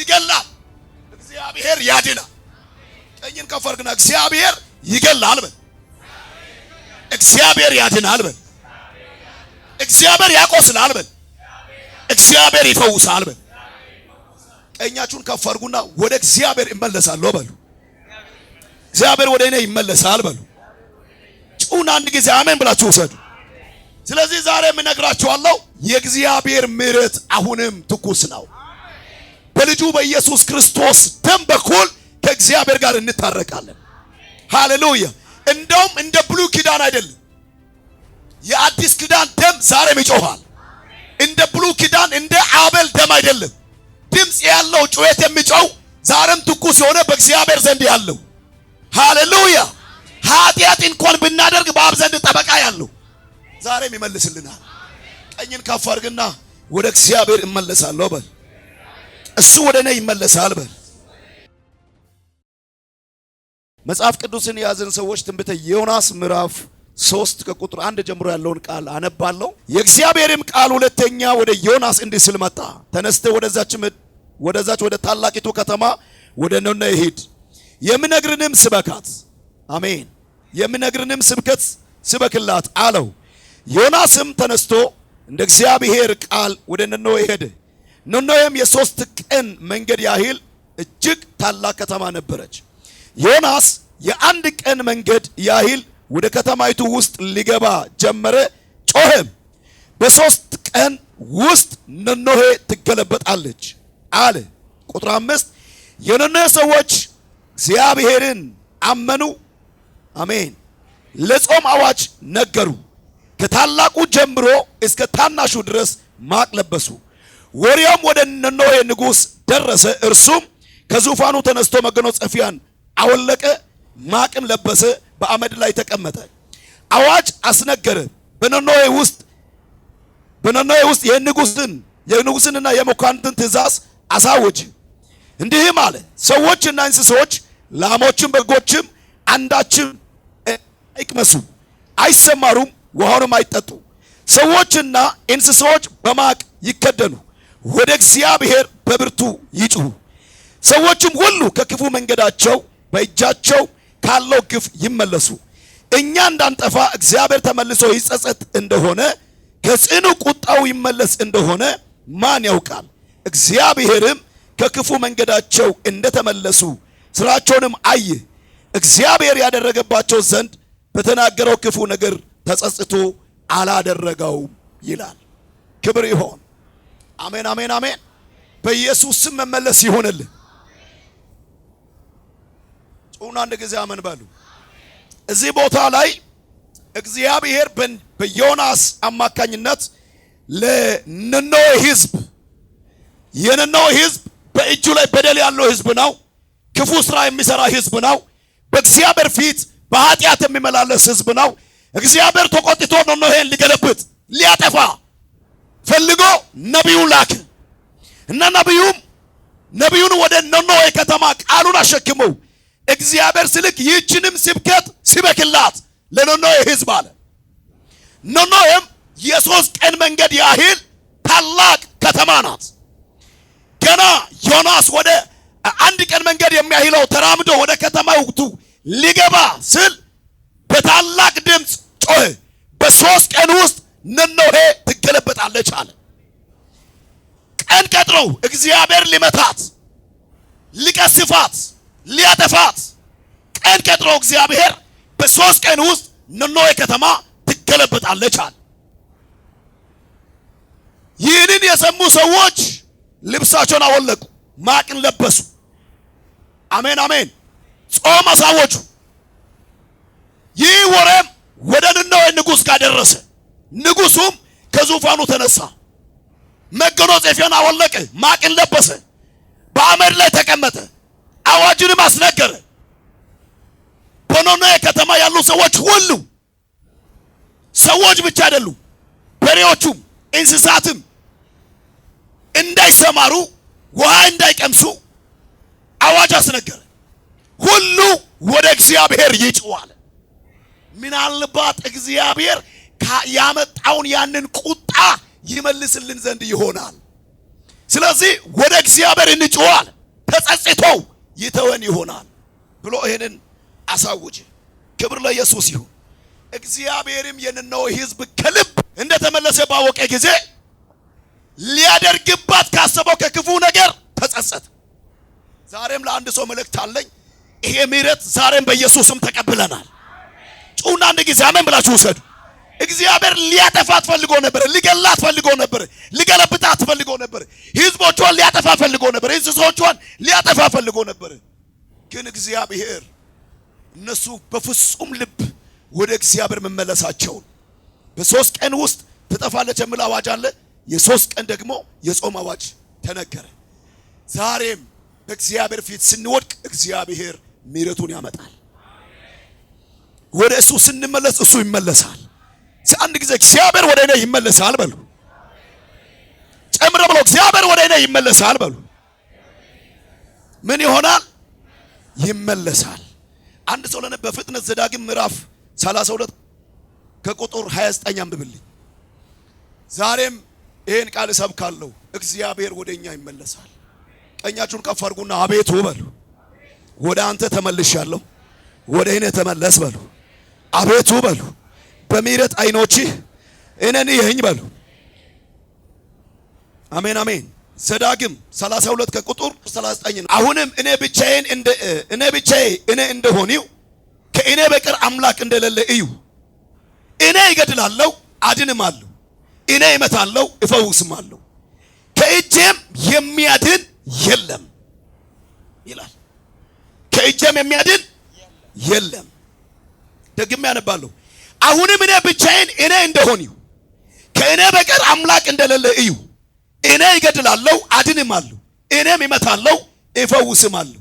ይገላል፣ እግዚአብሔር ያድናል። ቀኝን ከፍ አድርግና እግዚአብሔር ይገላል በል። እግዚአብሔር ያድናል በል። እግዚአብሔር ያቆስላል በል። እግዚአብሔር ይፈውሳል በል። ቀኛችሁን ከፍ አድርጉና ወደ እግዚአብሔር ይመለሳለሁ በሉ። እግዚአብሔር ወደ እኔ ይመለሳል በሉ። ጩን አንድ ጊዜ አሜን ብላችሁ ውሰዱ። ስለዚህ ዛሬ የምነግራችኋለሁ የእግዚአብሔር ምሕረት አሁንም ትኩስ ነው። በልጁ በኢየሱስ ክርስቶስ ደም በኩል ከእግዚአብሔር ጋር እንታረቃለን። ሃሌሉያ! እንደውም እንደ ብሉይ ኪዳን አይደለም፣ የአዲስ ኪዳን ደም ዛሬም ይጮኋል። እንደ ብሉይ ኪዳን እንደ አቤል ደም አይደለም። ድምፅ ያለው ጩኸት የሚጮው ዛሬም ትኩስ የሆነ በእግዚአብሔር ዘንድ ያለው ሃሌሉያ! ኃጢአት እንኳን ብናደርግ በአብ ዘንድ ጠበቃ ያለው ዛሬም ይመልስልናል። ቀኝን ከፍ አድርግና ወደ እግዚአብሔር እመለሳለሁ በል እሱ ወደ እኔ ይመለሳል በል። መጽሐፍ ቅዱስን የያዘን ሰዎች ትንቢተ ዮናስ ምዕራፍ ሶስት ከቁጥር አንድ ጀምሮ ያለውን ቃል አነባለሁ። የእግዚአብሔርም ቃል ሁለተኛ ወደ ዮናስ እንዲህ ስል መጣ። ተነስተ ወደዛች ወደ ታላቂቱ ከተማ ወደ ነነ ይሂድ፣ የምነግርንም ስበካት። አሜን። የምነግርንም ስብከት ስበክላት አለው። ዮናስም ተነስቶ እንደ እግዚአብሔር ቃል ወደ ነነ ሄደ። ነነዌም የሶስት ቀን መንገድ ያህል እጅግ ታላቅ ከተማ ነበረች። ዮናስ የአንድ ቀን መንገድ ያህል ወደ ከተማይቱ ውስጥ ሊገባ ጀመረ። ጮኸም፣ በሶስት ቀን ውስጥ ነነዌ ትገለበጣለች አለ። ቁጥር አምስት የነነዌ ሰዎች እግዚአብሔርን አመኑ። አሜን። ለጾም አዋጅ ነገሩ። ከታላቁ ጀምሮ እስከ ታናሹ ድረስ ማቅ ለበሱ። ወዲያውም ወደ ነኖዌ ንጉሥ ደረሰ። እርሱም ከዙፋኑ ተነስቶ መጎናጸፊያን አወለቀ፣ ማቅም ለበሰ፣ በአመድ ላይ ተቀመጠ። አዋጅ አስነገረ። በነኖዌ ውስጥ በነኖዌ ውስጥ የንጉሥን የንጉሥንና የመኳንንትን ትእዛዝ አሳወጅ። እንዲህም አለ፣ ሰዎችና እንስሶች ላሞችም በጎችም አንዳችም አይቅመሱ፣ አይሰማሩም፣ ውሃውንም አይጠጡ። ሰዎችና እንስሶች በማቅ ይከደኑ፣ ወደ እግዚአብሔር በብርቱ ይጩሁ። ሰዎችም ሁሉ ከክፉ መንገዳቸው በእጃቸው ካለው ግፍ ይመለሱ። እኛ እንዳንጠፋ እግዚአብሔር ተመልሶ ይጸጸት እንደሆነ ከጽኑ ቁጣው ይመለስ እንደሆነ ማን ያውቃል? እግዚአብሔርም ከክፉ መንገዳቸው እንደተመለሱ ስራቸውንም አየ። እግዚአብሔር ያደረገባቸው ዘንድ በተናገረው ክፉ ነገር ተጸጽቶ አላደረገውም ይላል። ክብር ይሆን አሜን፣ አሜን፣ አሜን። በኢየሱስ ስም መመለስ ይሆንልን። ጾሙን አንድ ጊዜ አመን ባሉ። እዚህ ቦታ ላይ እግዚአብሔር በዮናስ አማካኝነት ለነነዌ ህዝብ የነነዌ ህዝብ በእጁ ላይ በደል ያለው ህዝብ ነው። ክፉ ስራ የሚሰራ ህዝብ ነው። በእግዚአብሔር ፊት በኃጢአት የሚመላለስ ህዝብ ነው። እግዚአብሔር ተቆጥቶ ነነዌን ሊገለብጥ ሊያጠፋ ፈልጎ ነቢዩ ላክ እና ነቢዩም ነቢዩን ወደ ነኖዌ ከተማ ቃሉን አሸክመው እግዚአብሔር ስልክ ይህችንም ስብከት ሲበክላት ለነኖዌ ሕዝብ አለ። ነኖዌም የሶስት ቀን መንገድ ያህል ታላቅ ከተማ ናት። ገና ዮናስ ወደ አንድ ቀን መንገድ የሚያህለው ተራምዶ ወደ ከተማይቱ ሊገባ ስል በታላቅ ድምፅ ጮኸ። በሶስት ቀን ውስጥ ነኖሄ ትመታለች አለ። ቀን ቀጥሮ እግዚአብሔር ሊመታት ሊቀስፋት፣ ሊያጠፋት ቀን ቀጥሮ እግዚአብሔር በሶስት ቀን ውስጥ ነኖዌ ከተማ ትገለበጣለች አለ። ይህንን የሰሙ ሰዎች ልብሳቸውን አወለቁ፣ ማቅን ለበሱ። አሜን አሜን። ጾም አሳወጁ። ይህ ወሬም ወደ ነነዌ ንጉሥ ጋር ደረሰ። ንጉሱም ከዙፋኑ ተነሳ። መጎናጸፊያውን አወለቀ፣ ማቅን ለበሰ፣ በአመድ ላይ ተቀመጠ፣ አዋጅንም አስነገረ። በኖና ከተማ ያሉ ሰዎች ሁሉ ሰዎች ብቻ አይደሉም፣ በሬዎቹም እንስሳትም እንዳይሰማሩ ውሃ እንዳይቀምሱ አዋጅ አስነገረ። ሁሉ ወደ እግዚአብሔር ይጭዋል። ምናልባት እግዚአብሔር ያመጣውን ያንን ቁጣ ይመልስልን ዘንድ ይሆናል። ስለዚህ ወደ እግዚአብሔር እንጮዋል፣ ተጸጽቶው ይተወን ይሆናል ብሎ ይህንን አሳውጅ። ክብር ለኢየሱስ ይሁን። እግዚአብሔርም የነነዌ ሕዝብ ከልብ እንደተመለሰ ባወቀ ጊዜ ሊያደርግባት ካሰበው ከክፉ ነገር ተጸጸተ። ዛሬም ለአንድ ሰው መልእክት አለኝ። ይሄ ምሕረት ዛሬም በኢየሱስም ተቀብለናል። ጩና አንድ ጊዜ አመን ብላችሁ ውሰዱ። እግዚአብሔር ሊያጠፋት ፈልጎ ነበር። ሊገላት ፈልጎ ነበር። ሊገለብጣት ፈልጎ ነበር። ህዝቦቿን ሊያጠፋ ፈልጎ ነበር። እንስሶቿን ሊያጠፋ ፈልጎ ነበር። ግን እግዚአብሔር እነሱ በፍጹም ልብ ወደ እግዚአብሔር መመለሳቸውን በሶስት ቀን ውስጥ ትጠፋለች የሚል አዋጅ አለ። የሶስት ቀን ደግሞ የጾም አዋጅ ተነገረ። ዛሬም በእግዚአብሔር ፊት ስንወድቅ እግዚአብሔር ምሕረቱን ያመጣል። ወደ እሱ ስንመለስ እሱ ይመለሳል። አንድ ጊዜ እግዚአብሔር ወደ እኔ ይመለሳል በሉ። ጨምረ ብሎ እግዚአብሔር ወደ እኔ ይመለሳል በሉ። ምን ይሆናል? ይመለሳል። አንድ ሰው ለነ በፍጥነት ዘዳግም ምዕራፍ 32 ከቁጥር 29 አንብብልኝ። ዛሬም ይሄን ቃል እሰብካለሁ። እግዚአብሔር ወደኛ ይመለሳል። ቀኛችሁን ከፍ አድርጉና አቤቱ በሉ። ወደ አንተ ተመልሻለሁ፣ ወደ እኔ ተመለስ በሉ። አቤቱ በሉ በምሕረት አይኖችህ እኔን ይህኝ በሉ። አሜን አሜን። ዘዳግም 32 ከቁጥር 39 ነው። አሁንም እኔ ብቻዬን እንደ እኔ ብቻዬ እኔ እንደሆነው ከእኔ በቀር አምላክ እንደሌለ እዩ። እኔ ይገድላለሁ አድንማለሁ፣ እኔ ይመታለሁ እፈውስማለሁ፣ ከእጄም የሚያድን የለም ይላል። ከእጄም የሚያድን የለም። ደግሜ ያነባለሁ አሁንም እኔ ብቻዬን እኔ እንደሆን ከእኔ በቀር አምላክ እንደሌለ እዩ። እኔ ይገድላለሁ አድንም አለሁ፣ እኔም ይመታለሁ ይፈውስም አለሁ።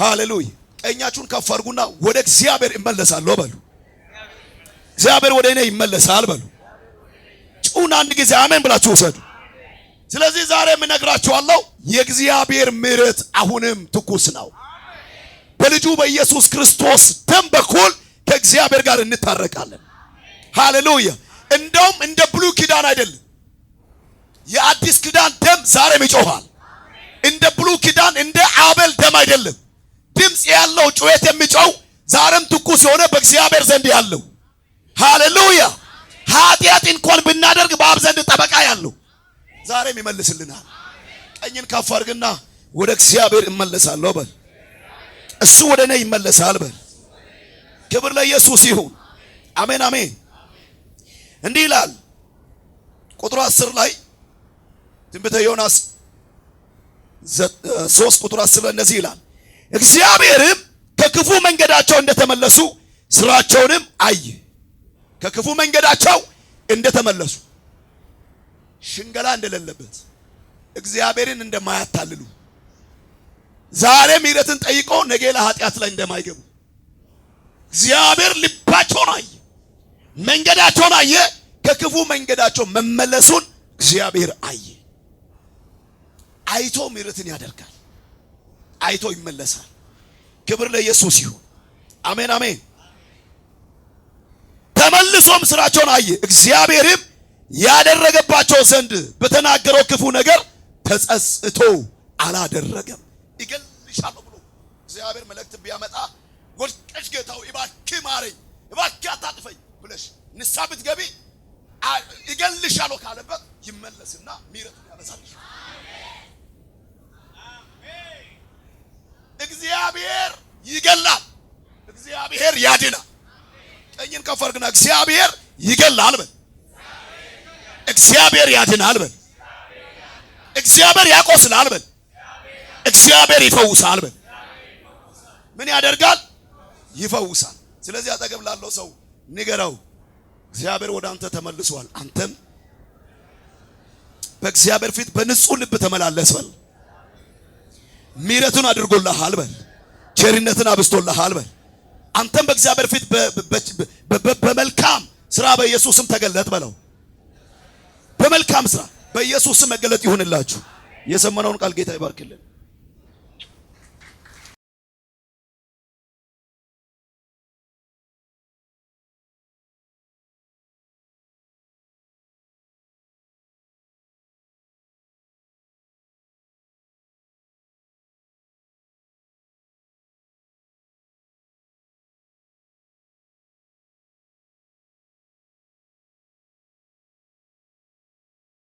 ሃሌሉያ! ቀኛችሁን ከፍ አድርጉና ወደ እግዚአብሔር እመለሳለሁ በሉ። እግዚአብሔር ወደ እኔ ይመለሳል በሉ። ጩን አንድ ጊዜ አሜን ብላችሁ ውሰዱ። ስለዚህ ዛሬ የምነግራችኋለሁ የእግዚአብሔር ምሕረት አሁንም ትኩስ ነው። በልጁ በኢየሱስ ክርስቶስ ደም በኩል ከእግዚአብሔር ጋር እንታረቃለን። ሃሌሉያ! እንደውም እንደ ብሉ ኪዳን አይደለም፣ የአዲስ ኪዳን ደም ዛሬም ይጮኋል። እንደ ብሉ ኪዳን እንደ አቤል ደም አይደለም። ድምፅ ያለው ጩኸት የሚጮው ዛሬም ትኩስ የሆነ በእግዚአብሔር ዘንድ ያለው ሃሌሉያ! ኃጢአት እንኳን ብናደርግ በአብ ዘንድ ጠበቃ ያለው ዛሬም ይመልስልናል። ቀኝን ከፍ አድርግና ወደ እግዚአብሔር እመለሳለሁ በል። እሱ ወደ እኔ ይመለሳል በል ክብር ለኢየሱስ ይሁን። አሜን አሜን። እንዲህ ይላል ቁጥሩ አስር ላይ ትንቢተ ዮናስ ሶስት ቁጥር አስር ላይ እንደዚህ ይላል እግዚአብሔርም ከክፉ መንገዳቸው እንደተመለሱ ስራቸውንም አየ። ከክፉ መንገዳቸው እንደተመለሱ ሽንገላ እንደሌለበት እግዚአብሔርን እንደማያታልሉ ዛሬም ምሕረትን ጠይቆ ነገ ለኃጢአት ላይ እንደማይገቡ እግዚአብሔር ልባቸውን አየ፣ መንገዳቸውን አየ፣ ከክፉ መንገዳቸው መመለሱን እግዚአብሔር አየ። አይቶ ምሕረትን ያደርጋል፣ አይቶ ይመለሳል። ክብር ለኢየሱስ ይሁን። አሜን አሜን። ተመልሶም ስራቸውን አየ፣ እግዚአብሔርም ያደረገባቸው ዘንድ በተናገረው ክፉ ነገር ተጸጽቶ አላደረገም። ይገልሻለሁ ብሎ እግዚአብሔር መልእክት ቢያመጣ ወድቀሽ ጌታው እባክህ ማረኝ፣ እባክህ አታጥፈኝ ብለሽ ንሳ ብትገቢ እገልሻለሁ ካለበት ይመለስና ምሕረቱን ያበዛልሽ። እግዚአብሔር ይገላል፣ እግዚአብሔር ያድናል። ቀኝን ከፍ አድርግና እግዚአብሔር ይገላል በል፣ እግዚአብሔር ያድናል በል፣ እግዚአብሔር ያቆስላል በል፣ እግዚአብሔር ይፈውሳል በል። ምን ያደርጋል? ይፈውሳል። ስለዚህ አጠገብ ላለው ሰው ንገረው፣ እግዚአብሔር ወደ አንተ ተመልሷል። አንተም በእግዚአብሔር ፊት በንጹህ ልብ ተመላለስ በል። ምሕረቱን አድርጎልሃል በል። ቸርነትን አብስቶልሃል በል። አንተም በእግዚአብሔር ፊት በመልካም ስራ በኢየሱስም ተገለጥ በለው። በመልካም ስራ በኢየሱስም መገለጥ ይሁንላችሁ። የሰመነውን ቃል ጌታ ይባርክልን።